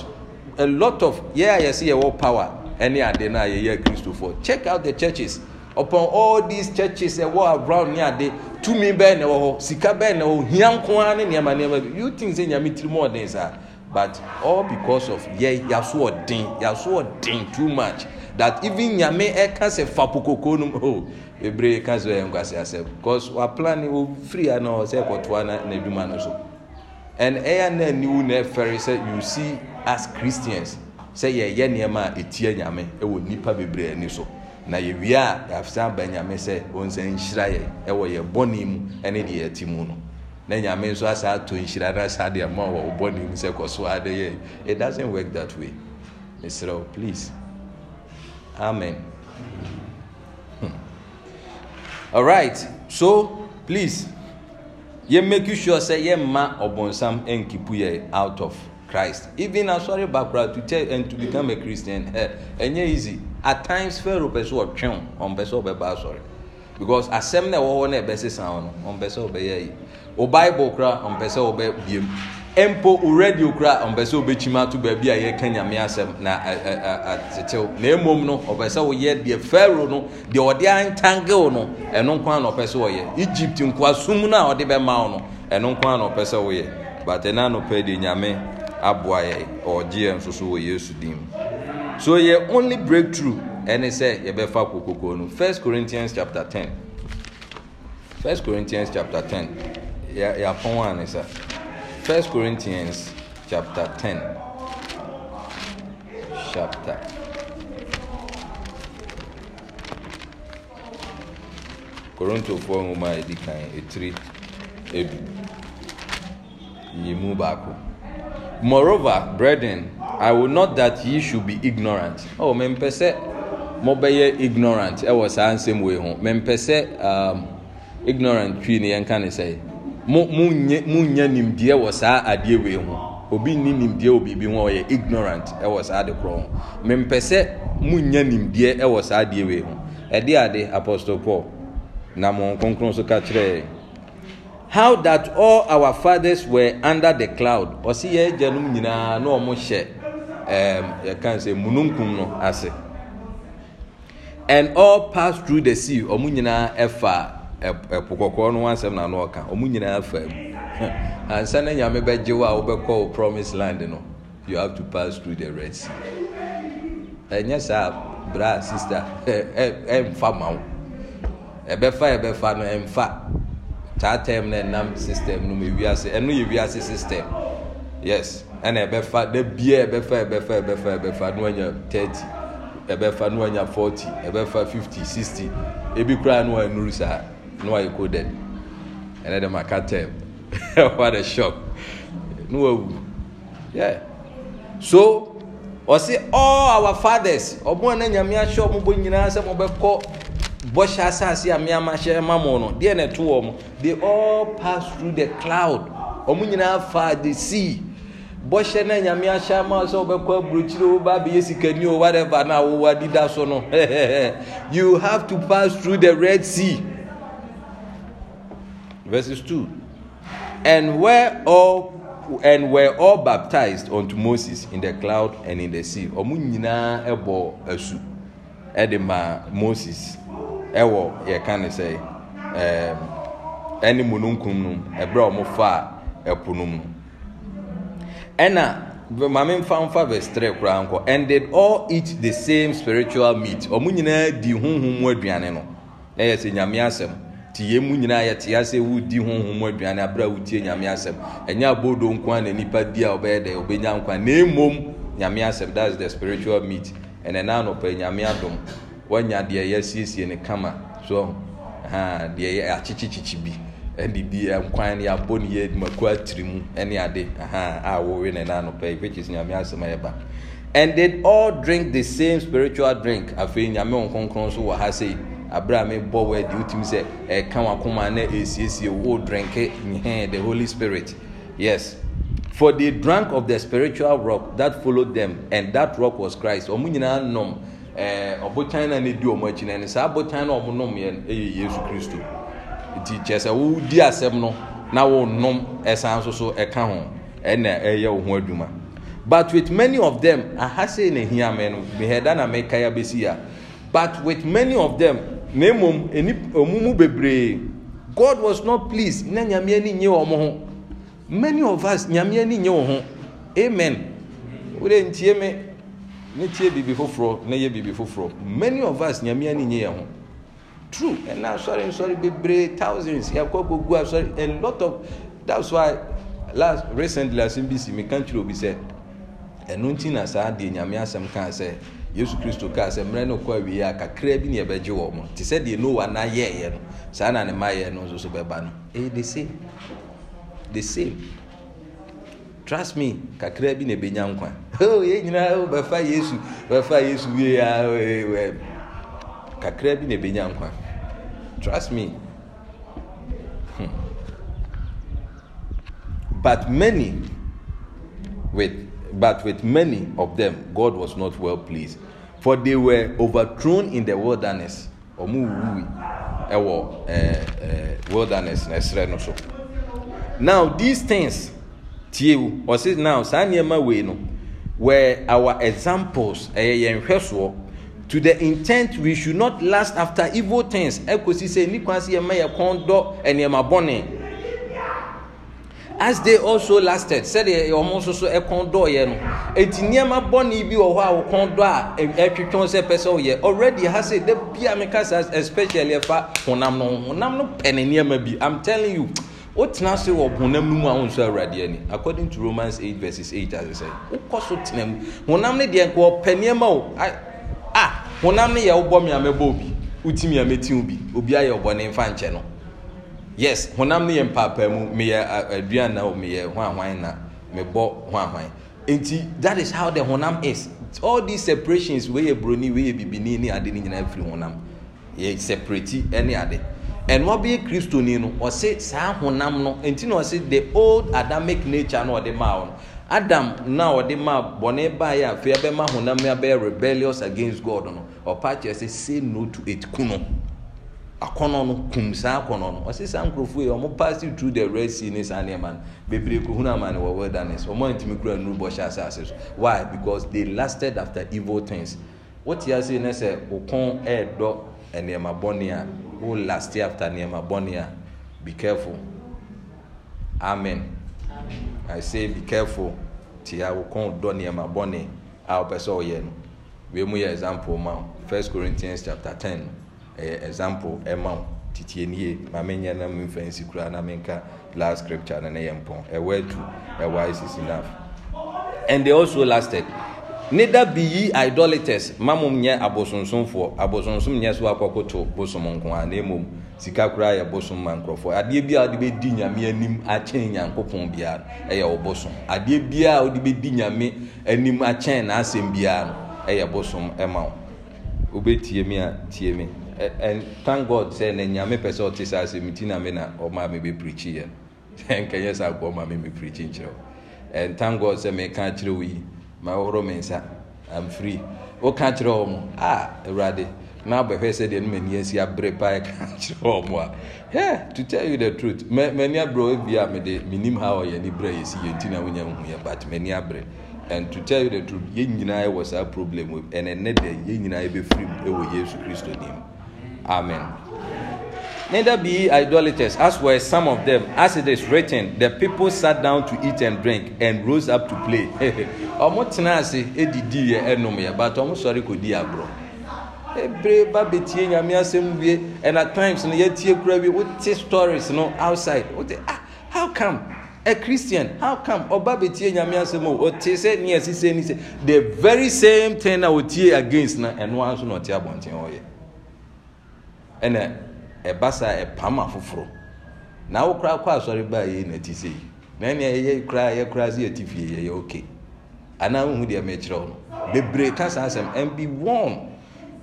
a lot of yɛ a yɛsɛ yɛwɔ power ɛne ade no a yɛyɛ kristofoɔ check out the churches upon all these churches ɛwɔ around ne ade tumi bɛɛ na ɛwɔ hɔ sika bɛɛ na ɛwɔ hia nko ara ne nneɛma nneɛma bi you think say nyame tiri mu ɔden saa but all because of yɛ yaso ɔden yaso ɔden too much that even nyame ɛka sɛ fapokoko no mu o oh, bebree ka sɛ ɛyɛ nkwasi asɛm because waplan o firi ana ɔsɛ ɛkɔtoa na n'adwuma no so and ɛyɛ na niwu na ɛfɛre sɛ you see as christians sɛ yɛyɛ nneɛma a etie nyame ɛwɔ nipa bebree ani so na yɛwie a yɛafisan ba nyame sɛ ɔnsan nhyira yɛ ɛwɔ yɛ bɔnne mu ɛne deɛ yɛte mu no na nyame nso asa ato nhyira na asa deɛ ma wɔ bɔnne mu sɛ kɔ so yɛ it doesn't work that way mesrɛ please. Amen. Hmm. All right. So please, ye make you sure say ye ma obonsam and keep out of Christ. Even a sorry background to tell and to become a Christian, eh, enye yeah, easy. At times, Pharaoh person or on person be sorry. Because asem na wo na be sesa on on person be yeye. O Bible kra on person be biem. mpo radio okra ɔmpɛ sɛ wobɛkyim ato baabi a yɛka nyame asɛm na atetew na mmom no ɔpɛ sɛ woyɛ deɛ no deɛ ɔde antangew no ɛno nkwa na ɔpɛ sɛ wɔyɛ egypt nkoasom no a ɔde na ɔpɛ so only breakthrough 1 chapter 10 1 chapter 10 First Corinthians chapter 10. Chapter. Korontofoɔ nwoma a ɛdi kan etiri edu yimu baako. Moreover, brethren, I will not that ye should be ignorant. Oh, mempɛ sɛ mobɛyɛ ignorant ɛwɔ e saa nsɛm wei ho. Mempɛ sɛ um, ignorant twi ne yɛn ne sɛ monya nimdeɛ wɔ saa adeɛ wei ho obi ni nimdeɛ wɔ biribi ho ɔyɛ ignorant wɔ saa de korɔ ho mempɛ sɛ monya nimdeɛ wɔ saa adeɛ wei ho ɛde ade apostle paul na mo kronkron so ka kyerɛ how that all our fathers were under the cloud ɔsi yɛ agyanom nyinaa na wɔn hyɛ ɛɛm yɛka sɛ mununkum no ase and all pass through the sea wɔn nyinaa ɛfa ɛpo kɔkɔɔ no asɛm na ano ɔka ɔmo nyinaa fam ansa na nyame bɛgye wo a wobɛkɔ wo promise land no you have to pass through the red sea ɛnyɛ saa bra sister ɛmfa ma wo ɛbɛfa ɛbɛfa no ɛmfa taa term na ɛnam system no mu ewiase ɛno yɛ wiase system yes ɛna ɛbɛfa de bia ɛbɛfa ɛbɛfa ɛbɛfa ɛbɛfa no anya thirty ɛbɛfa no anya forty ɛbɛfa fifty sixty ebi koraa no anuru saa na wayɛ coded ɛnɛ de maka term what a shock na wawu yeah so ɔsi all our fathers ɔmo a na nyame ahyɛ ɔmo bɔ nyinaa sɛ mo bɛkɔ bɔhyɛ asase a mmeama hyɛ ɛma mo no deɛ na ɛto wɔn they all pass through the cloud ɔmo nyinaa fa the sea bɔhyɛ na nyame ahyɛ ama sɛ ɔbɛkɔ aburokyire o ba abɛyɛ sikani o whatever na awowa dida so no you have to pass through the red sea. verses 2. And were all and were all baptized unto Moses in the cloud and in the sea. Ọmụ nyinaa ɛbɔ asu ɛde ma Moses ɛwɔ yɛka ne sɛ ẹni ɛne mununkum no ɛbrɛ ɔmo fa ɛpo no mu. maame verse three koraa nkɔ and they all eat the same spiritual meat. Omu nyinaa di huhum mu aduane no. Ɛyɛ tie mu nyinaa yɛte ase wodi honhom aduane abere a wotie nyame asɛm ɛnyɛ abodo nko a na nipa bi a ɔbɛyɛ dɛ ɔbɛnya nkwa na emom nyame asɛm that's the spiritual meat ɛnɛ na anɔpɛ nyame adom wanya deɛ yɛasiesie ne kama so ha deɛ yɛ akyekyekyekye bi ɛne bi nkwan ne abɔ ne yɛ adwumako atiri mu ɛne ade ha a wɔwe ne na anɔpɛ which is nyame asɛm a yɛba and they all drink the same spiritual drink afei nyame wɔn kronkron so wɔ ha sei aberɛ a mebɔ word wotumi sɛ ɛka wakoma na ɛsiesie wo drenke eh, nhɛn the holy spirit yes for the drank of the spiritual rock that followed them and that rock was christ ɔmo nyinaa nom ɛɛ eh, ɔbotan na ne di ɔmo akyi na ne saa abotan na ɔmo nom yɛ ɛyɛ eh, yesu kristo nti kyerɛ sɛ wodi asɛm no na wo nom ɛsan so so ɛka ho ɛna ɛyɛ wo ho adwuma but with many of them ahase na ehia mɛ no mehɛ da na mɛka ya besi ya but with many of them na mmom omumu bebree god was not pleased na nyame ani nye wɔn ho many of us nyame ani nye wɔn ho amen wode ntie me ne tie biribi foforɔ na yɛ biribi foforɔ many of us nyame ani nye yɛn ho true ɛna asɔre nsɔre bebree thousands yɛakɔ akɔgu asɔre a lot of that's why last recently asɛm bi si meka kyerɛ obi sɛ ɛno nti na saa deɛ nyame asɛm kaa sɛ yesu kristo kaa sɛ mmerɛ no kɔ awie a kakra bi ne yɛbɛgye wɔ mo te sɛ deɛ noa na yɛɛyɛ no saa na ne ma yɛ no nso so bɛba no ɛyɛ eh, the same the same trust me kakra bi na ɛbɛnya nkwa oh, yɛ nyinaa oh, bɛfa yesu bɛfa yesu wie a oh, eh, eh, kakra bi na ɛbɛnya nkwa trust me hmm. but many with but with many of them God was not well pleased for they were overthrown in the wilderness ọmụ wuwi ɛwɔ ɛɛ eh, eh, wilderness na ɛsrɛ no so now these things tie wu ɔsi now saa nneɛma wei no were our examples ɛyɛ eh, yɛn hwɛsoɔ to the intent we should not last after evil things ɛkosi sɛ nikwa si yɛ mɛ yɛ kɔn dɔ ɛnneɛma bɔnne as they also lasted sɛdeɛ wɔn nso so kɔn dɔɔyɛ no eti nneɛma bɔnne bi wɔ hɔ a wɔkɔn dɔ a ɛtwitwɔn sɛ pɛ sɛ already ha sɛ de bia mi ka especially ɛfa honam no honam no pɛ ne nneɛma bi i'm telling you o tena se wɔ honam no mu a wɔnso awurade ani according to romans eight verses eight as i say wokɔ so tena mu honam no deɛ nko ɔpɛ nneɛma o ah, honam no yɛ wobɔ mi a mɛbɔ yes honam ne yɛ mpaapaa mu meyɛ aduane na o meyɛ ho ahwan na mebɔ ho ahwan nti that is how the honam is all these separations wey yɛ broni wey yɛ bibini ne ade ne nyinaa firi honam yɛ separate ne ade ɛnua bi yɛ kristo ni no ɔsi saa honam no nti na ɔsi the old adamic nature na ɔde maa ɔno adam na ɔde maa bɔnɛ baayɛ afei ɛbɛma honam yɛ abɛyɛ rebellious against god no ɔpa kyerɛ sɛ say no to it kunu akɔnɔ no kum saa akɔnɔ no ɔsi saa nkurɔfoɔ yi ɔmo paasi through the red sea ne saa nneɛma no bebree ko hun ama wɔ wilderness ɔmo ntumi kura nuru bɔ hyɛ asase so why because they lasted after evil things wɔte ase ne sɛ okun ɛɛdɔ nneɛma bɔne a o last after nneɛma bɔne a be careful amen i say be careful tia okun dɔ nneɛma bɔne a ɔpɛ sɛ ɔyɛ no wei mu yɛ example ma first corinthians chapter ten ɛyɛ eh, example ɛma wo titie nie ma menyɛ na memfa nsi koraa na menka last scripture no ne yɛ mpɔn ɛwɔ atu ɛwɔ isis enough and they also lasted neither be ye idolaters mamom nyɛ abosonsomfoɔ abosonsom nyɛ so akɔkoto bosom nko a na mmom sika koraa yɛ bosom ma nkurɔfoɔ adeɛ bi a wode bɛdi nyame anim akyɛn nyankopɔn biara e ɛyɛ wo bosom adeɛ biara a wode bɛdi nyame anim akyɛn n'asɛm biara e ɛyɛ bosom ɛma wo wobɛtie mi a tie mi Eh, and thank god say na nyame pɛ sɛ ɔte saa asɛm ti na me na ɔma me bɛ preachi yɛ nkɛnyɛ saa kɔ ɔma me me preachi nkyerɛ wo and thank god sɛ meka kyerɛ wo yi ma wɔrɔ me nsa i'm free woka kyerɛ wɔ mo ah awurade na abɛhwɛ sɛ deɛ no m'ani asi abere paa ɛka kyerɛ wɔ mo a yeah to tell you the truth m'ani abere wɔ bi a mede menim ha ɔyɛ ne berɛ yɛsi yɛ nti na wonya hu yɛ but m'ani abere and to tell you the truth yɛn nyinaa wɔ saa problem ɛnɛ nnɛ deɛ yɛn nyinaa bɛfiri mu wɔ yesu kristo nim Amen. Neither be ye idolaters, as were some of them, as it is written, the people sat down to eat and drink and rose up to play. Ọmọ tena ase edidi yɛ ɛnum yɛ but ɔmọ sɔre kò di agorɔ. Ebere ba betie nyame asɛm wie and at times no yɛtie kura wie wote stories no outside wote ah how come a Christian how come ɔba betie nyame asɛm o ɔte sɛ ni ɛsisi ɛni sɛ the very same thing na ɔtie against na ɛno nso na ɔte abɔnten ɔyɛ ɛna ɛba sa ɛpam afoforo na wo koraa kɔ asɔre baa yɛ na ti sɛ yi na ɛnea yɛyɛ koraa yɛ koraa sɛ yɛte fie yɛyɛ okay anaa wohu deɛ mekyerɛ wo bebree ka saa asɛm and be warm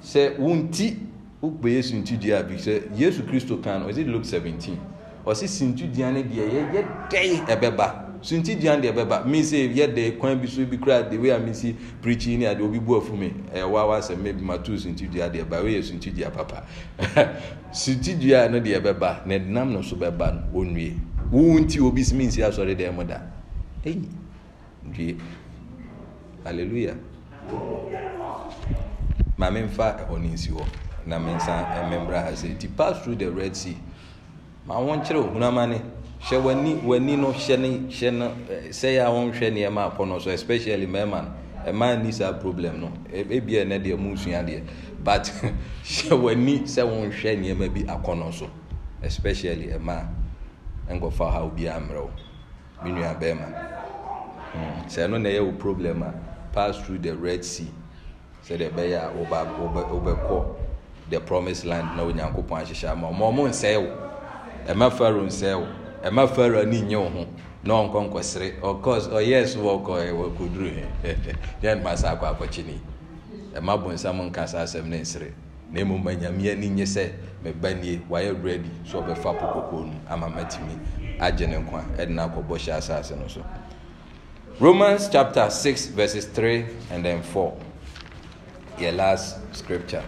sɛ wo nti wokpɛ yesu ntidua a bi sɛ yesu kristo kan no ɔsi luke seventeen ɔsi sintidua ne deɛ yɛyɛ dɛn ɛbɛba sunti dian deɛ bɛba mi se yɛ de kwan bi so bi kura de wei a mi si pirikyi ne adeɛ obi bu afu mi ɛyɛ eh, wa wa sɛ mebi ma tu sunti dua deɛ ba wei yɛ sunti dua papa sunti dua no deɛ bɛba ne nam no so bɛba no onue wɔn ti obi si mi nsi asɔre dɛm mu da eyi due hallelujah maame nfa ɛhɔ eh, ne nsi hɔ na mi nsa ɛmɛ ti pass through the red sea ma wɔn kyerɛ ohunamane hyɛ w'ani w'ani no hyɛ ne hyɛ no sɛ yɛ a wɔnhwɛ nneɛma akɔ no so especially mmarima no mmaa ni saa problem no ebi yɛ ne deɛ mu nsua deɛ but hyɛ w'ani sɛ wɔnhwɛ nneɛma bi akɔ no so especially mmaa nkɔfa ha obi amrɛw mi nua bɛrima sɛ no na yɛ wo problem a pass through the red sea sɛdeɛ ɛbɛyɛ a wɔba wɔbɛ wɔbɛkɔ the promised land na onyankopɔn ahyehyɛ ama wɔn wɔn nsɛɛ wo ɛmɛ faro nsɛɛ wo ɛma faro ani nye wo ho na ɔnkɔ nkɔsere of course wɔkɔ wɔkɔduru he yɛn ma sa akɔ akɔkye ni ɛma bonsam nka saa ne nsere na mmom anyame ani nye sɛ meba nie wayɛ ready sɛ ɔbɛfa po kɔkɔɔ no ama matumi agye ne nkwa ɛde no akɔbɔ hyɛ asase no so romans chapter six verses three and then four. yɛ last scripture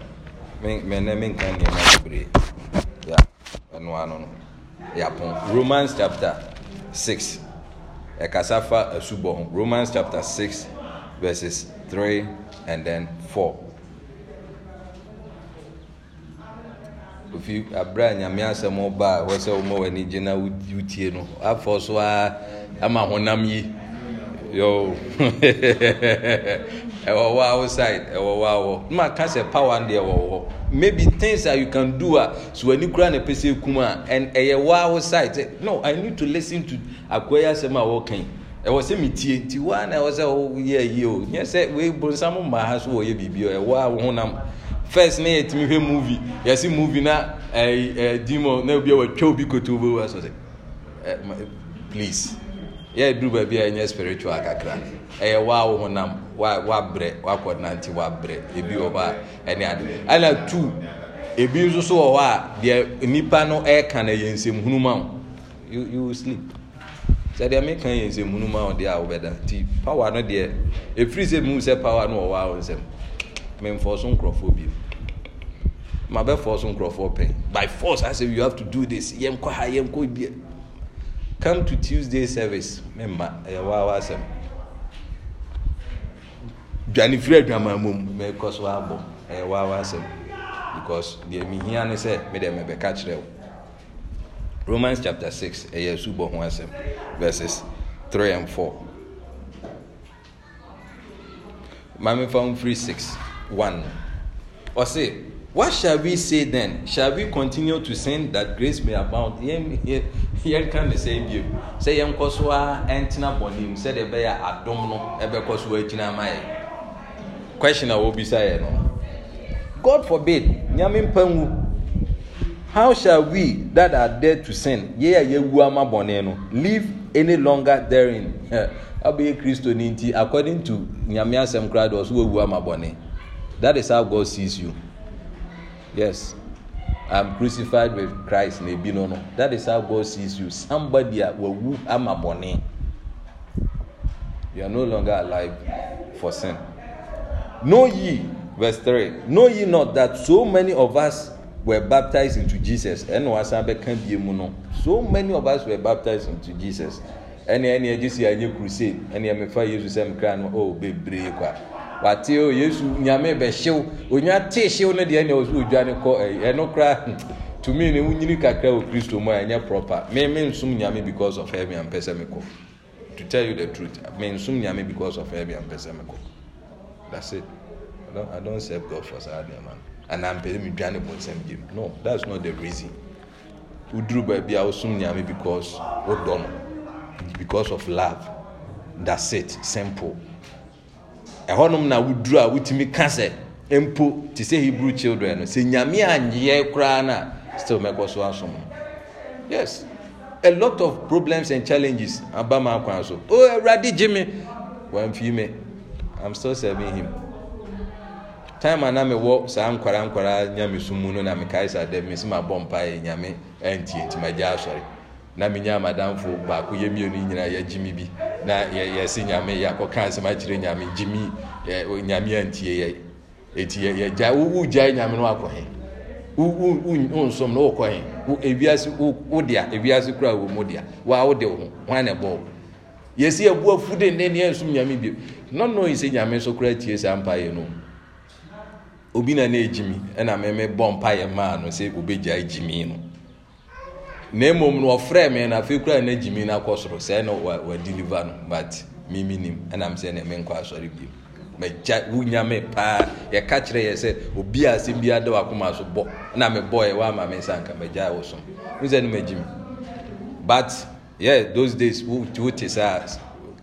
mene menka nneɛma bebree ya ɛnoa no no yɛapon romans chapter six. ɛkasa fa asubɔ ho romans chapter six, verses three and then 4 ofi abira nyame asɛm ba a wɔsɛ wɔn ani gyina wotie no afɔ so a ama honam yi yo ɛwɔ hɔ outside. side ɛwɔ hɔ awɔ ne ka sɛ power deɛ ɛwɔ hɔ maybe things that you can do a ah, so ani kura na pɛ sɛ ekum a and ɛyɛ hɔ outside. no i need to listen to akɔyɛ asɛm a wɔkan ɛwɔ sɛ mi tie nti waa na ɛwɔ sɛ ɔyɛ ayi o nyɛ sɛ wei bonsam maa ha so wɔyɛ biribi o ɛwɔ awo honam first ne yɛtumi hwɛ movie yɛsi movie na ɛɛ eh, ɛɛ eh, dimo na obi a wɔtwa obi koto obi wa sɔ sɛ please yɛ duru baabi a ɛnyɛ spiritual kakra ɛyɛ eh, waa wo honam waa wabrɛ wakɔ nante wabrɛ ebi wɔ hɔ a ɛne ade ɛna tu ebi nso so wɔ hɔ a deɛ nipa no ɛɛka eh, na eh, yɛ nsɛm hunuma o you you sleep sɛdeɛ meka yɛ nsɛm hunuma o deɛ a wɔbɛda nti power no deɛ efiri sɛ mu sɛ power no wɔ hɔ a wɔn nsɛm mɛnfɔ so nkorɔfoɔ bi ma so nkorɔfoɔ pɛn by force I say you have to do this yɛn kɔ ha yɛn kɔ bi come to tuesday service mema ɛyɛ eh, waawa asɛm dwane firi adwaman mu mɛkɔ so abɔ ɛyɛ waawa eh, asɛm because deɛ mihia ne sɛ mede mɛbɛka kyerɛ wo romans chapter 6 ɛyɛ asubɔ ho asɛm verses three and four. 4 mamefa six one. 1 ɔse What shall we say then? Shall we continue to sin that grace may abound? Yɛn kan de sɛ ebio sɛ yɛn kɔ so a ɛntena bɔnne mu sɛdeɛ ɛbɛyɛ adom no ɛbɛkɔ so agyina ama yɛ. Question a wɔbisa yɛ no. God forbid, nyame mpa nwu. How shall we that are dead to sin, yɛ a yɛwu ama bɔnne no, live any longer therein? Abɛyɛ Kristo ni nti according to nyame asɛm koraa de ɔso wɔwu ama bɔnne. That is how God sees you yes i'm crucified with christ na ebi no no that is how god sees you somebody a uh, wawu ama bɔne you are no longer alive for sin know ye verse three know ye not that so many of us were baptized into jesus ɛna wasan bɛka bie mu no so many of us were baptized into jesus ɛna ɛna ɛgye si a nye crusade ɛna ɛmefa yesu sɛm kra no oh bebree kwa wate o yesu nyame bɛhyew onwa tee hyew no deɛ ɛnea ɔsɛ ɔdwane kɔ ɛno kora hmm, tumi ne wonyini kakra wɔ kristo mu a ɛnyɛ proper me me nsom nyame because of ɛmi ampɛ sɛ mekɔ to tell you the truth me nsom nyame because of ɛmi ampɛ sɛ mekɔ that's it i don't i don't serve god for saa man. and I'm ampɛ sɛ medwane bɔnsɛm gyem no that's not the reason woduru baabi a wosom nyame because wodɔ no because of love that's it simple ɛhɔnom na woduru a wotumi ka sɛ mpo te sɛ hebrew children no sɛ nyame anyɛ koraa no a still mɛkɔ so asom yes a lot of problems and challenges aba ma akwan so oh awurade gye me wamfii me i'm still serving him time a na mewɔ saa nkwara nkwara nyame so mu no na mekae sɛ dɛ me sɛ mabɔ mpaeɛ nyame antie nti magya asɔre na menya amadamfo baako yɛ mmienu yi nyinaa yɛgye me bi na yɛsi nyame yɛakɔka asɛm akyerɛ nyame gye mi nyame antie yɛ eti yɛgya wowu gyae nyame no akɔ he wonsom no wokɔ he ewiase wodea ewiase kura wɔ mu dea waa wode wo ho hwan na ɛbɔ wo yɛsi ebu afu de ne nea nsum nyame bi nɔnɔ yi sɛ nyame nso kura tie saa mpa yɛ no obi na na egyi mi ɛna mɛmɛ bɔ mpa yɛ maa no sɛ obegya egyi mi no. na mmom no wɔfrɛ me no afei koraa na gyimi no akɔ soro sɛɛ no wadeliver no but mimi nim ɛnam sɛ ne menkɔ asɔre bio mɛgya wo nyame paa yɛka kyerɛ yɛ sɛ obi a asɛm bi ada wakoma so bɔ na mebɔɛ woama me nsa nka magya wo som wo sɛ no magyi me but yeah those days wote saa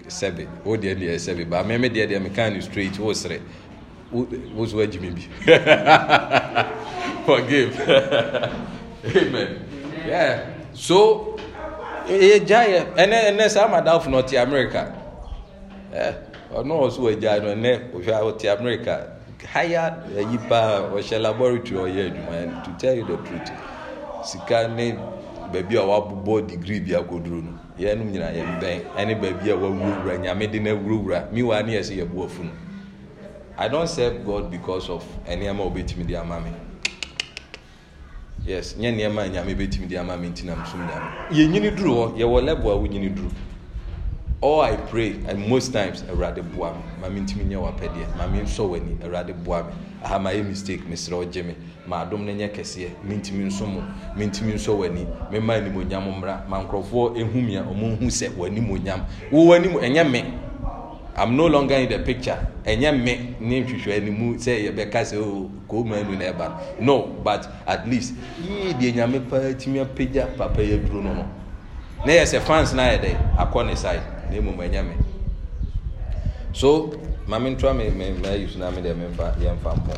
sɛbe wo deɛ deɛ sɛbe ba me deɛ deɛ meka no straight wo serɛ wo so agyi me bi forgive amen yeah so ɛgya yɛ ɛnɛ ɛnɛ saa madamfo no ɔte america ɛ ɔno ɔso ɛgya no ɛnɛ ɔhwɛ ɔte america haya eh, ɛyi paa ɔhyɛ laboratory ɔyɛ adwuma and to tell you the truth sika ne baabi a oh, wabobɔ degree bi akoduro no yɛn nyinaa yɛn bɛn ɛne baabi oh, a wawurawura nyame de na awurawura miwa ne yɛ sɛ yɛ bu afunu i don serve god because of ɛnneɛma obetumi de ama mi yes nyɛ nneɛma a nyame bɛtumi de ama me nti nam som nyame yɛnyini duru hɔ yɛwɔ level a wonyini duru all i pray and most times awurade e boa me maame ntumi nyɛ wapɛdeɛ maame nsɔ w'ani awurade e boa me aha ma yɛ mistake mesrɛ ɔgye me ma adom no nyɛ kɛseɛ mentumi nso mo mentumi nsɔ w'ani mema animonyam mmra ma nkurɔfoɔ ɛhu me a ɔmo nhu sɛ w'animonyam wo w'anim ɛnyɛ me I'm no longer in the picture ẹ̀yẹ́ mi ní nhwehwẹ́ ẹni mu sẹ́ yẹ bẹ́ ká sẹ́ o kò mọ ẹnu náà ẹ̀ no but at least yíyí di ẹ̀yàmí pàà tí mi apagya papa yẹ duro no no ne yẹ sẹ fans náà yẹ dẹ akọ ne side ne mu mọ ẹ̀yẹ́ mi so maame ntura mi mi mi ayi suna mi dẹ mi nfa yẹ nfa mpọ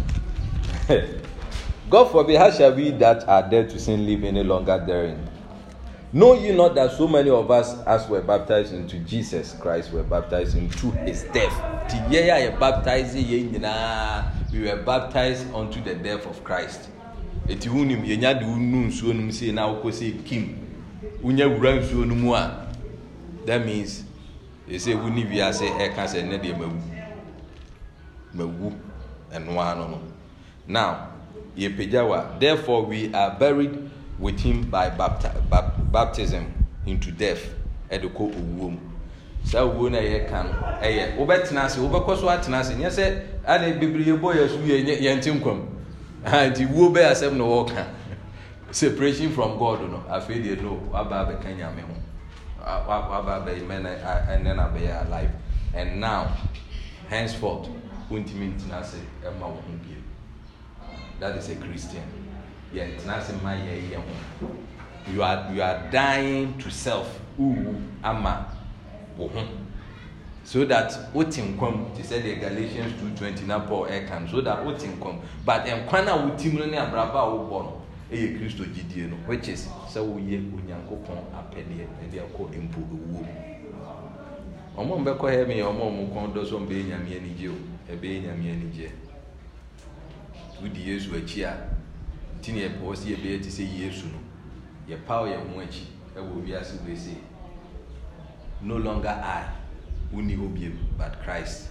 God forbid how shall we that are dead to sin live any longer therein. Know ye not that so many of us as were baptized into Jesus Christ were baptized into his death? Ti yẹ yà yẹ baptize ye nyinaa we were baptized unto the death of Christ. Eti hunim yẹ nya de nu nsuo nom si na akokɔ si kim. Wonya wura nsuo no a that means ese "We ni wiase ɛka e sɛ ne deɛ ma wu ma wu ɛnoa no no. Now ye pagya therefore we are buried. with him by baptism into death ɛde kɔ owuo mu saa owuo no ɛyɛ ka no ɛyɛ wobɛtena ase wobɛkɔ so atena ase nyɛ sɛ ane bebree bɔ yɛ so yɛnte nkwam nti wuo bɛyɛ asɛm na wɔreka separation from god no afei deɛ no waba abɛka nyame ho waba abɛyɛ mɛna ɛnɛ na bɛyɛ alive and now henceforth wontumi ntena ase ɛma wo ho bio that is a christian yɛn tena ase ma yɛn yɛ ho you are you are dying to self uwu ama wo ho so that wote nkwam te sɛ deɛ galatians two twenty na paul ɛka no so that wote nkwam but nkwan a wotim no ne abraba a wobɔ no ɛyɛ kristo gyidie no which is sɛ woyɛ onyankopɔn apɛdeɛ ɛde akɔ mpo ewuo ɔmo n bɛkɔ hɛmi yɛ ɔmo ɔmo kɔn dɔ so ɔmo bɛyɛ nyamea anigye o ɛbɛyɛ nyamea anigye wodi yesu akyi a. nti ne yɛpɛ hɔ sɛ yɛbɛyɛ te sɛ yesu no yɛpaw yɛn ho akyi ɛwɔ wiase wei se no longer i wonni hɔ biom but christ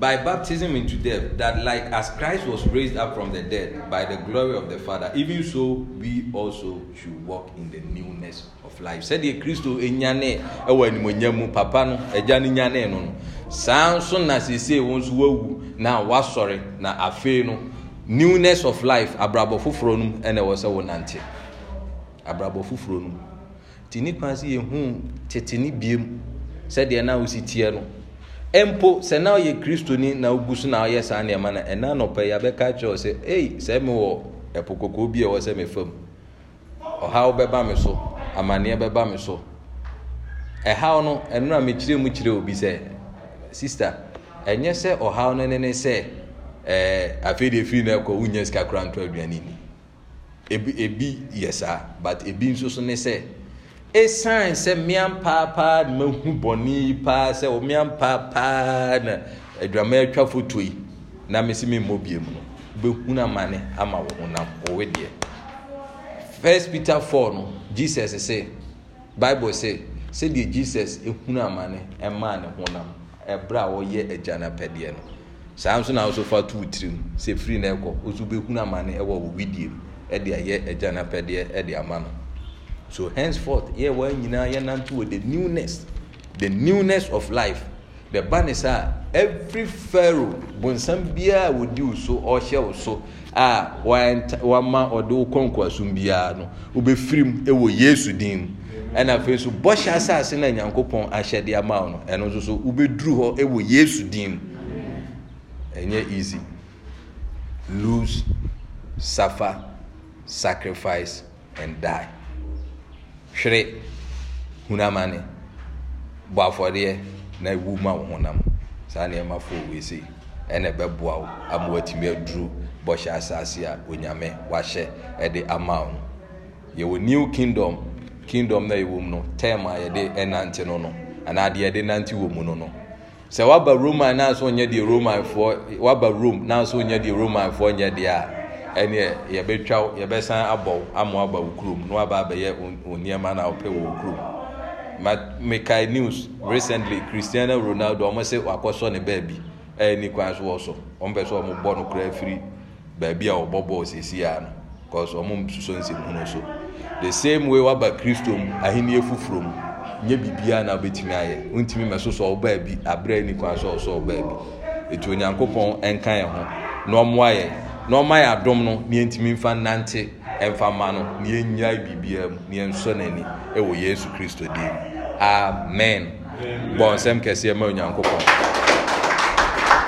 by baptism into death that like as christ was raised up from the dead by the glory of the father even so we also should walk in the newness of life sɛdeɛ kristo ɛnyane ɛwɔ animonyam mu papa no agya no nyanee no no saa nso na seesei wɔn nso wawu na wasɔre na afei no newness of life abrabɔ foforɔ no mu ɛna ɛwɔ sɛ wɔnante abrabɔ foforɔ no mu nti nipa sɛ yɛhu tete ne biem sɛdeɛ na wosi teɛ no mpo sɛ na ɔyɛ kristoni na ogu so na ɔyɛ saa nneɛma na ɛna nɔpɛ yi abɛka kyerɛ sɛ ei sɛ mi wɔ ɛpo koko bi a ɛwɔ sɛ mi fam ɔhaw bɛba mi so amaneɛ bɛba mi so ɛhaw no ɛnura mi kyerɛ mu kyerɛ obi sɛ. sister ɛnyɛ sɛ ɔhaw no ne ne sɛ ɛɛ eh, afei de firi na ɛkɔ wunyɛ sika kora ntɔ aduane ni ebi ebi yɛ saa but ebi nso so ne sɛ esan sɛ mmea paapaa na mahu bɔnne paa sɛ mmea paapaa na aduama atwa foto yi na mesi mi mmɔ bie mu no behun amane ama wɔn ho nam deɛ first peter four no jesus sɛ bible sɛ sɛdeɛ jesus ehun amane ɛmaa ne ho ɛbrɛ a wɔyɛ agya n'apɛdeɛ no saa nso na nso fa tuu tirim sɛ firi na ɛkɔ nso bɛhunu amane ɛwɔ wɔwidie mu ɛde ayɛ agya ɛde ama no so henceforth yɛ wɔn nyinaa yɛ nante wɔ the newness the newness of life de ba ne sa every pharaoh bonsam biara a wɔdi wo so ɔhyɛ wo so a wama ɔde wo kɔnkoasom biara no wobɛfiri m ɛwɔ yesu din mu ɛna afei nso bɔhyɛ asase no nyankopɔn ahyɛdeɛ ama wo no ɛno nso so wobɛduru hɔ ɛwɔ yesu din mu ɛnyɛ easy lose suffer sacrifice and die hwere hunamane bɔ afɔdeɛ na ewu ma wo honam saa nneɛma foɔ wei sei ɛna ɛbɛboa wo ama watumi aduru bɔhyɛ asase a onyame wahyɛ ɛde ama wo yɛwɔ new kingdom kingdom na yɛwɔ mu no term a yɛde ɛnante no no anaa deɛ yɛde nante wɔ mu no no sɛ waba roman nanso onyɛ deɛ romanfoɔ waba rome nanso onyɛ deɛ romanfoɔ nyɛ deɛ a ɛneɛ yɛbɛtwa yɛbɛsan abɔ wo ama waba kurom na waba abɛyɛ onneɛma no a wopɛ wɔ kurom mekae news recently cristiano ronaldo ɔmo se wakɔ sɔ ne baabi ɛyɛ kwan so wɔ so ɔmo pɛ sɛ ɔmo bɔ no koraa firi baabi a ɔbɔ bɔɔl sisi ano cause ọsọ the same way waba kristo mu ahenni efufuro mu nye na obetumi ntumi kwan so ọsọ etu ho na na na ntumi nfa nante no na Amen. Amen. Bon, sem kesiye mwen yon koupon.